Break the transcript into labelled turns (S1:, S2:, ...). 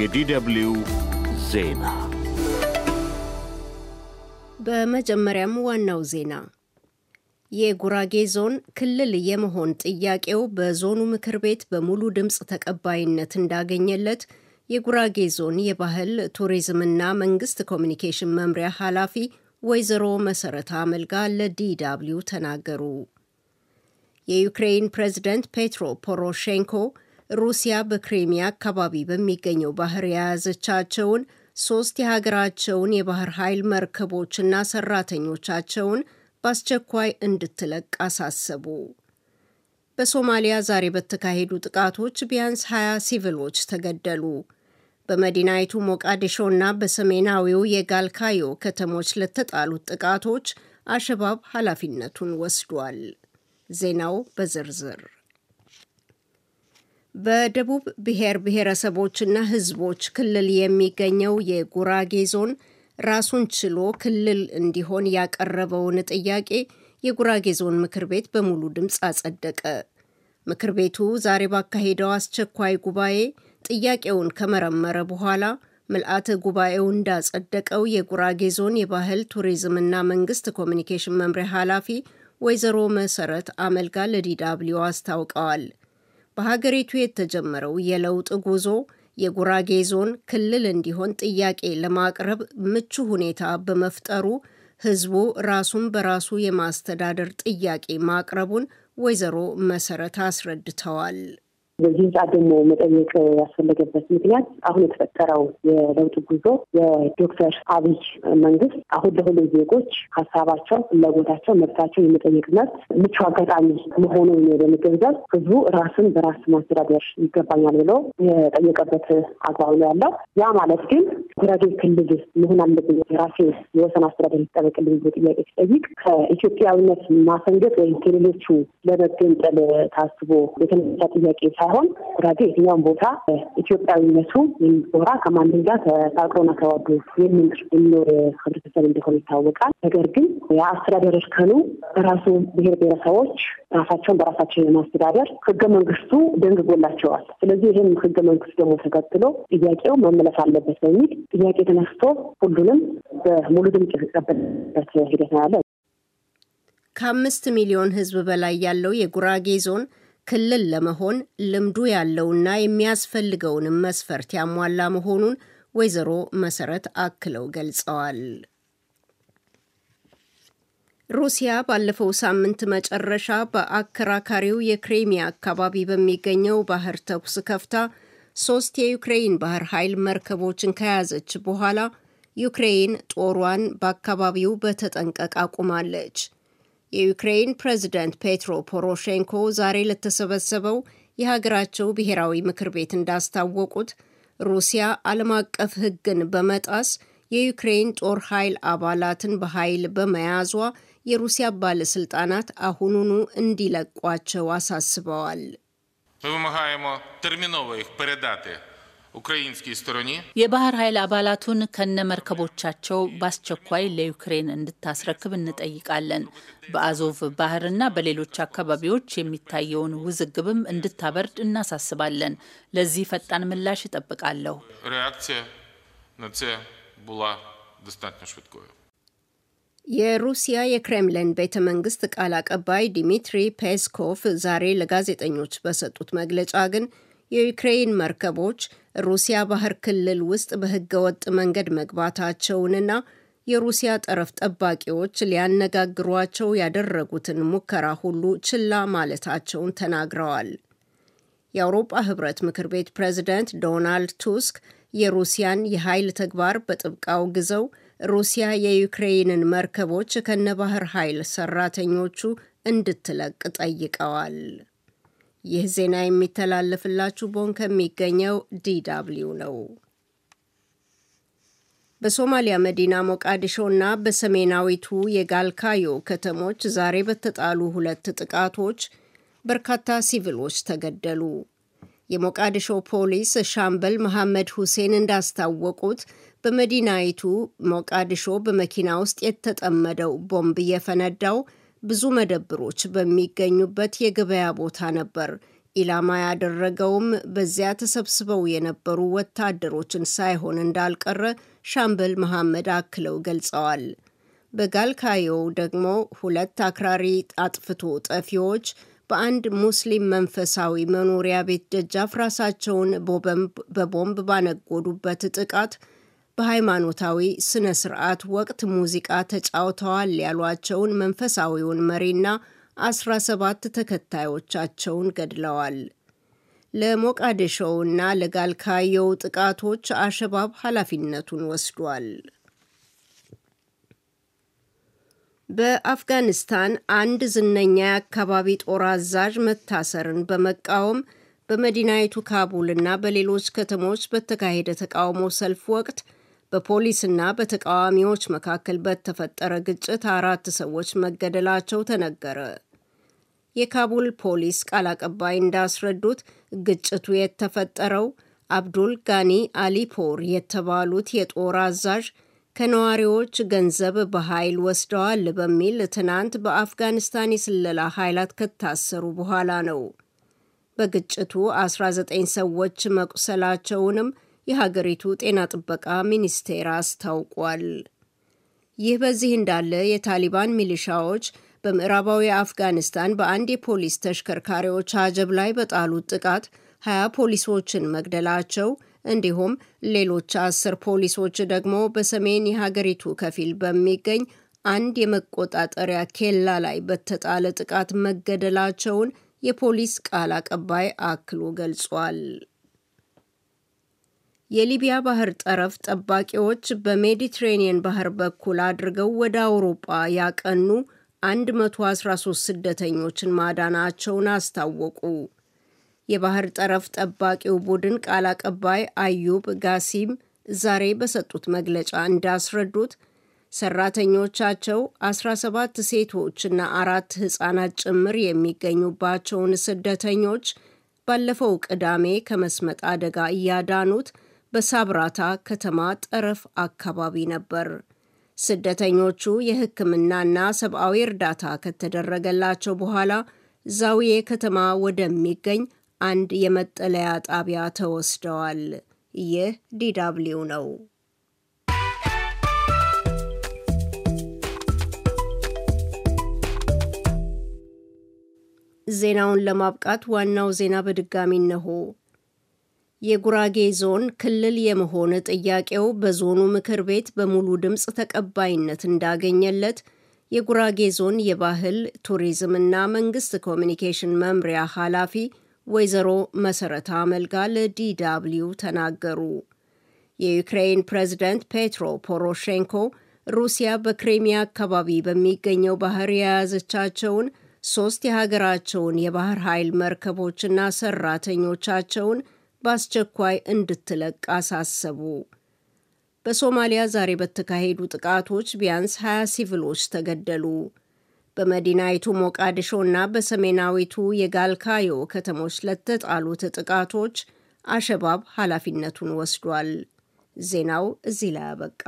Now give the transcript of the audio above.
S1: የዲደብሊው ዜና
S2: በመጀመሪያም ዋናው ዜና የጉራጌ ዞን ክልል የመሆን ጥያቄው በዞኑ ምክር ቤት በሙሉ ድምፅ ተቀባይነት እንዳገኘለት የጉራጌ ዞን የባህል ቱሪዝምና መንግስት ኮሚኒኬሽን መምሪያ ኃላፊ ወይዘሮ መሰረታ አመልጋ ለዲደብሊው ተናገሩ። የዩክሬን ፕሬዝደንት ፔትሮ ፖሮሼንኮ ሩሲያ በክሬሚያ አካባቢ በሚገኘው ባህር የያዘቻቸውን ሶስት የሀገራቸውን የባህር ኃይል መርከቦችና ሰራተኞቻቸውን በአስቸኳይ እንድትለቅ አሳሰቡ። በሶማሊያ ዛሬ በተካሄዱ ጥቃቶች ቢያንስ 20 ሲቪሎች ተገደሉ። በመዲናይቱ ሞቃዲሾና በሰሜናዊው የጋልካዮ ከተሞች ለተጣሉት ጥቃቶች አሸባብ ኃላፊነቱን ወስዷል። ዜናው በዝርዝር በደቡብ ብሔር ብሔረሰቦችና ሕዝቦች ክልል የሚገኘው የጉራጌ ዞን ራሱን ችሎ ክልል እንዲሆን ያቀረበውን ጥያቄ የጉራጌ ዞን ምክር ቤት በሙሉ ድምፅ አጸደቀ። ምክር ቤቱ ዛሬ ባካሄደው አስቸኳይ ጉባኤ ጥያቄውን ከመረመረ በኋላ ምልአተ ጉባኤው እንዳጸደቀው የጉራጌ ዞን የባህል ቱሪዝምና መንግስት ኮሚኒኬሽን መምሪያ ኃላፊ ወይዘሮ መሰረት አመልጋ ለዲዳብሊው አስታውቀዋል። በሀገሪቱ የተጀመረው የለውጥ ጉዞ የጉራጌ ዞን ክልል እንዲሆን ጥያቄ ለማቅረብ ምቹ ሁኔታ በመፍጠሩ ህዝቡ ራሱን በራሱ የማስተዳደር ጥያቄ ማቅረቡን ወይዘሮ መሰረት አስረድተዋል።
S1: በዚህ ሰዓት ደግሞ መጠየቅ ያስፈለገበት ምክንያት አሁን የተፈጠረው የለውጥ ጉዞ የዶክተር አብይ መንግስት አሁን ለሁሉ ዜጎች ሀሳባቸው፣ ፍላጎታቸው፣ መብታቸው የመጠየቅ መብት ምቹ አጋጣሚ መሆኑ በመገንዘብ ህዝቡ ራስን በራስ ማስተዳደር ይገባኛል ብሎ የጠየቀበት አግባብ ነው ያለው። ያ ማለት ግን ጉራጌ ክልል መሆን አለብኝ ራሴ የወሰን አስተዳደር ይጠበቅልኝ ብሎ ጥያቄ ሲጠይቅ ከኢትዮጵያዊነት ማፈንገጥ ወይም ከሌሎቹ ለመገንጠል ታስቦ የተነሳ ጥያቄ ሳይሆን ጉራጌ የትኛውን ቦታ ኢትዮጵያዊነቱ ወራ ከማንም ጋር ተፋቅሮና ተዋዶ የሚኖር ህብረተሰብ እንደሆነ ይታወቃል። ነገር ግን የአስተዳደር እርከኑ በራሱ ብሔር ብሔረሰቦች ራሳቸውን በራሳቸው የማስተዳደር ህገ መንግስቱ ደንግጎላቸዋል። ስለዚህ ይህም ህገ መንግስቱ ደግሞ ተከትሎ ጥያቄው መመለስ አለበት በሚል ጥያቄ ተነስቶ ሁሉንም በሙሉ ድምጽ የተቀበለበት ሂደት ነው ያለ
S2: ከአምስት ሚሊዮን ህዝብ በላይ ያለው የጉራጌ ዞን ክልል ለመሆን ልምዱ ያለውና የሚያስፈልገውንም መስፈርት ያሟላ መሆኑን ወይዘሮ መሰረት አክለው ገልጸዋል። ሩሲያ ባለፈው ሳምንት መጨረሻ በአከራካሪው የክሬሚያ አካባቢ በሚገኘው ባህር ተኩስ ከፍታ ሶስት የዩክሬይን ባህር ኃይል መርከቦችን ከያዘች በኋላ ዩክሬይን ጦሯን በአካባቢው በተጠንቀቅ አቁማለች። የዩክሬን ፕሬዝደንት ፔትሮ ፖሮሼንኮ ዛሬ ለተሰበሰበው የሀገራቸው ብሔራዊ ምክር ቤት እንዳስታወቁት ሩሲያ ዓለም አቀፍ ሕግን በመጣስ የዩክሬን ጦር ኃይል አባላትን በኃይል በመያዟ የሩሲያ ባለሥልጣናት አሁኑኑ እንዲለቋቸው አሳስበዋል። የባህር ኃይል አባላቱን ከነ መርከቦቻቸው በአስቸኳይ ለዩክሬን እንድታስረክብ እንጠይቃለን። በአዞቭ ባህርና በሌሎች አካባቢዎች የሚታየውን ውዝግብም እንድታበርድ እናሳስባለን። ለዚህ ፈጣን ምላሽ እጠብቃለሁ። የሩሲያ የክሬምሊን ቤተ መንግስት ቃል አቀባይ ዲሚትሪ ፔስኮቭ ዛሬ ለጋዜጠኞች በሰጡት መግለጫ ግን የዩክሬን መርከቦች ሩሲያ ባህር ክልል ውስጥ በህገወጥ መንገድ መግባታቸውንና የሩሲያ ጠረፍ ጠባቂዎች ሊያነጋግሯቸው ያደረጉትን ሙከራ ሁሉ ችላ ማለታቸውን ተናግረዋል። የአውሮጳ ህብረት ምክር ቤት ፕሬዝዳንት ዶናልድ ቱስክ የሩሲያን የኃይል ተግባር በጥብቅ አውግዘው ሩሲያ የዩክሬይንን መርከቦች ከነባህር ኃይል ሰራተኞቹ እንድትለቅ ጠይቀዋል። ይህ ዜና የሚተላለፍላችሁ ቦን ከሚገኘው ዲዳብሊው ነው። በሶማሊያ መዲና ሞቃዲሾ እና በሰሜናዊቱ የጋልካዮ ከተሞች ዛሬ በተጣሉ ሁለት ጥቃቶች በርካታ ሲቪሎች ተገደሉ። የሞቃዲሾ ፖሊስ ሻምበል መሐመድ ሁሴን እንዳስታወቁት በመዲናይቱ ሞቃዲሾ በመኪና ውስጥ የተጠመደው ቦምብ እየፈነዳው ብዙ መደብሮች በሚገኙበት የገበያ ቦታ ነበር። ኢላማ ያደረገውም በዚያ ተሰብስበው የነበሩ ወታደሮችን ሳይሆን እንዳልቀረ ሻምበል መሐመድ አክለው ገልጸዋል። በጋልካዮ ደግሞ ሁለት አክራሪ አጥፍቶ ጠፊዎች በአንድ ሙስሊም መንፈሳዊ መኖሪያ ቤት ደጃፍ ራሳቸውን በቦምብ ባነጎዱበት ጥቃት በሃይማኖታዊ ስነ ስርዓት ወቅት ሙዚቃ ተጫውተዋል ያሏቸውን መንፈሳዊውን መሪና 17 ተከታዮቻቸውን ገድለዋል። ለሞቃዲሾውና ለጋልካየው ጥቃቶች አሸባብ ኃላፊነቱን ወስዷል። በአፍጋኒስታን አንድ ዝነኛ የአካባቢ ጦር አዛዥ መታሰርን በመቃወም በመዲናይቱ ካቡልና በሌሎች ከተሞች በተካሄደ ተቃውሞ ሰልፍ ወቅት በፖሊስና በተቃዋሚዎች መካከል በተፈጠረ ግጭት አራት ሰዎች መገደላቸው ተነገረ። የካቡል ፖሊስ ቃል አቀባይ እንዳስረዱት ግጭቱ የተፈጠረው አብዱል ጋኒ አሊፖር የተባሉት የጦር አዛዥ ከነዋሪዎች ገንዘብ በኃይል ወስደዋል በሚል ትናንት በአፍጋኒስታን የስለላ ኃይላት ከታሰሩ በኋላ ነው። በግጭቱ 19 ሰዎች መቁሰላቸውንም የሀገሪቱ ጤና ጥበቃ ሚኒስቴር አስታውቋል። ይህ በዚህ እንዳለ የታሊባን ሚሊሻዎች በምዕራባዊ አፍጋኒስታን በአንድ የፖሊስ ተሽከርካሪዎች አጀብ ላይ በጣሉት ጥቃት ሀያ ፖሊሶችን መግደላቸው እንዲሁም ሌሎች አስር ፖሊሶች ደግሞ በሰሜን የሀገሪቱ ከፊል በሚገኝ አንድ የመቆጣጠሪያ ኬላ ላይ በተጣለ ጥቃት መገደላቸውን የፖሊስ ቃል አቀባይ አክሎ ገልጿል። የሊቢያ ባህር ጠረፍ ጠባቂዎች በሜዲትሬኒየን ባህር በኩል አድርገው ወደ አውሮጳ ያቀኑ 113 ስደተኞችን ማዳናቸውን አስታወቁ። የባህር ጠረፍ ጠባቂው ቡድን ቃል አቀባይ አዩብ ጋሲም ዛሬ በሰጡት መግለጫ እንዳስረዱት ሰራተኞቻቸው 17 ሴቶችና አራት ሕፃናት ጭምር የሚገኙባቸውን ስደተኞች ባለፈው ቅዳሜ ከመስመጥ አደጋ እያዳኑት በሳብራታ ከተማ ጠረፍ አካባቢ ነበር። ስደተኞቹ የሕክምናና ሰብአዊ እርዳታ ከተደረገላቸው በኋላ ዛውዬ ከተማ ወደሚገኝ አንድ የመጠለያ ጣቢያ ተወስደዋል። ይህ ዲዳብሊው ነው። ዜናውን ለማብቃት ዋናው ዜና በድጋሚ እነሆ። የጉራጌ ዞን ክልል የመሆን ጥያቄው በዞኑ ምክር ቤት በሙሉ ድምፅ ተቀባይነት እንዳገኘለት የጉራጌ ዞን የባህል ቱሪዝምና መንግስት ኮሚኒኬሽን መምሪያ ኃላፊ ወይዘሮ መሰረታ አመልጋ ለዲዳብሊው ተናገሩ። የዩክሬን ፕሬዝደንት ፔትሮ ፖሮሼንኮ ሩሲያ በክሬሚያ አካባቢ በሚገኘው ባህር የያዘቻቸውን ሶስት የሀገራቸውን የባህር ኃይል መርከቦችና ሰራተኞቻቸውን በአስቸኳይ እንድትለቅ አሳሰቡ። በሶማሊያ ዛሬ በተካሄዱ ጥቃቶች ቢያንስ 20 ሲቪሎች ተገደሉ። በመዲናይቱ እና በሰሜናዊቱ የጋልካዮ ከተሞች ለተጣሉት ጥቃቶች አሸባብ ኃላፊነቱን ወስዷል። ዜናው እዚህ ላይ አበቃ።